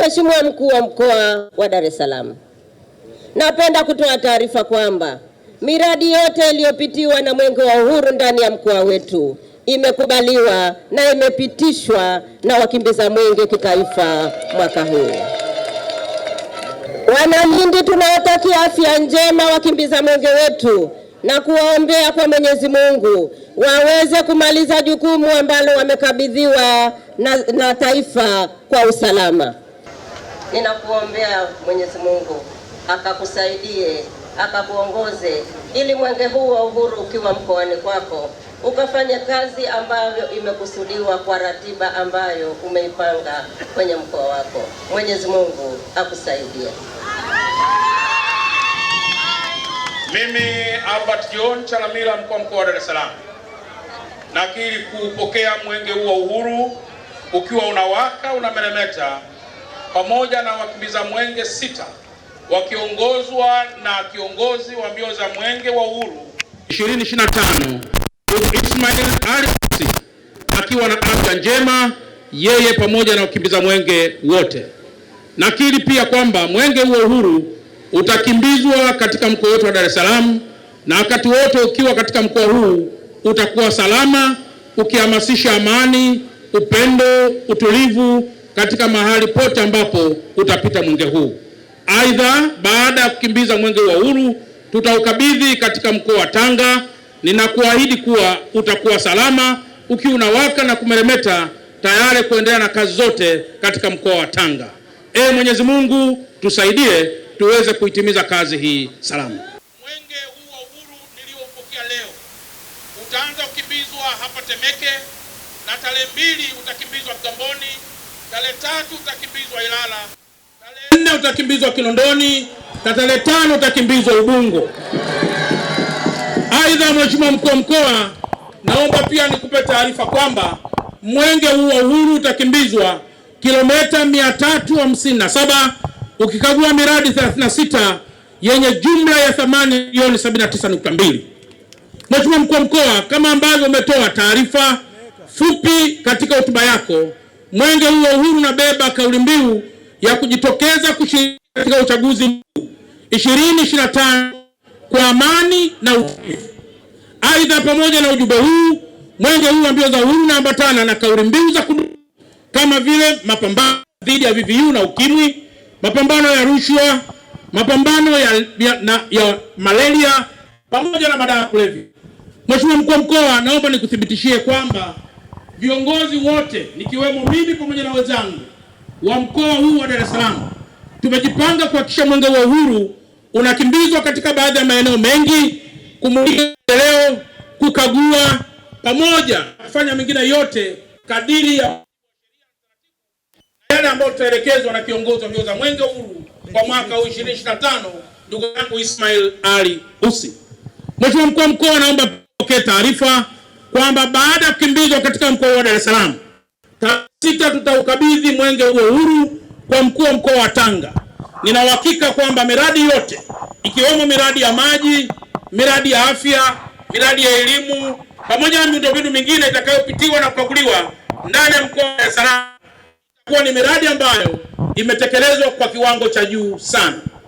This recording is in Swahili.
Mheshimiwa Mkuu wa Mkoa wa Dar es Salaam, napenda kutoa taarifa kwamba miradi yote iliyopitiwa na Mwenge wa Uhuru ndani ya mkoa wetu imekubaliwa na imepitishwa na wakimbiza mwenge kitaifa mwaka huu. Wanalindi, tunawatakia afya njema wakimbiza mwenge wetu na kuwaombea kwa Mwenyezi Mungu waweze kumaliza jukumu ambalo wamekabidhiwa na, na taifa kwa usalama. Ninakuombea Mwenyezi Mungu akakusaidie akakuongoze, ili mwenge huu wa uhuru ukiwa mkoani kwako ukafanye kazi ambayo imekusudiwa kwa ratiba ambayo umeipanga kwenye mkoa wako. Mwenyezi Mungu akusaidie. Mimi Albert John Chalamila, mkuu mkoa wa Dar es Salaam, nakiri kuupokea mwenge huu wa uhuru ukiwa unawaka unameremeta pamoja na wakimbiza mwenge sita wakiongozwa na kiongozi wa mbio za mwenge wa uhuru 2025 Ismail Ali akiwa na afya njema yeye pamoja na wakimbiza mwenge wote. Nakiri pia kwamba mwenge wa uhuru utakimbizwa katika mkoa wetu wa Dar es Salaam na wakati wote ukiwa katika mkoa huu utakuwa salama, ukihamasisha amani, upendo, utulivu katika mahali pote ambapo utapita mwenge huu. Aidha, baada ya kukimbiza mwenge wa uhuru, tutaukabidhi katika mkoa wa Tanga. Ninakuahidi kuwa utakuwa salama ukiwa unawaka na kumeremeta, tayari kuendelea na kazi zote katika mkoa wa Tanga. Ee Mwenyezi Mungu, tusaidie tuweze kuitimiza kazi hii salama. Mwenge huu wa uhuru niliopokea leo utaanza kukimbizwa hapa Temeke na tarehe mbili utakimbizwa Kigamboni tarehe tatu utakimbizwa Ilala, tarehe nne utakimbizwa Kinondoni na tarehe tano utakimbizwa Ubungo. Aidha, Mheshimiwa mkuu wa mkoa, naomba pia nikupe taarifa kwamba mwenge huu wa uhuru utakimbizwa kilomita 357 ukikagua miradi 36 yenye jumla ya thamani milioni 79.2. Mheshimiwa mkuu wa mkoa, kama ambavyo umetoa taarifa fupi katika hotuba yako Mwenge huu wa Uhuru unabeba kauli mbiu ya kujitokeza kushiriki katika uchaguzi mkuu 2025 kwa amani na utulivu. Aidha, pamoja na ujumbe huu, mwenge huu wa mbio za uhuru unaambatana na kauli mbiu za kudumu kama vile mapambano dhidi ya VVU na ukimwi, mapambano ya rushwa, mapambano ya, ya, na, ya malaria pamoja na madawa ya kulevya. Mheshimiwa mkuu wa mkoa, naomba nikuthibitishie kwamba viongozi wote nikiwemo mimi pamoja na wenzangu wa mkoa huu wa Dar es Salaam tumejipanga kuhakikisha mwenge wa uhuru unakimbizwa katika baadhi ya maeneo mengi, kumulika leo, kukagua pamoja kufanya mengine yote kadiri ya yale ambayo tutaelekezwa na kiongozi wa mbio za mwenge uhuru kwa mwaka huu 2025 ndugu yangu Ismail Ali Usi. Mheshimiwa mkuu wa mkoa, naomba pokee taarifa kwamba baada ya kukimbizwa katika mkoa wa Dar es Salaam, tarehe sita tutaukabidhi mwenge huo huru kwa mkuu wa mkoa wa Tanga. Nina uhakika kwamba miradi yote ikiwemo miradi ya maji, miradi ya afya, miradi ya elimu pamoja na miundombinu mingine itakayopitiwa na kukaguliwa ndani ya mkoa wa Dar es Salaam itakuwa ni miradi ambayo imetekelezwa kwa kiwango cha juu sana.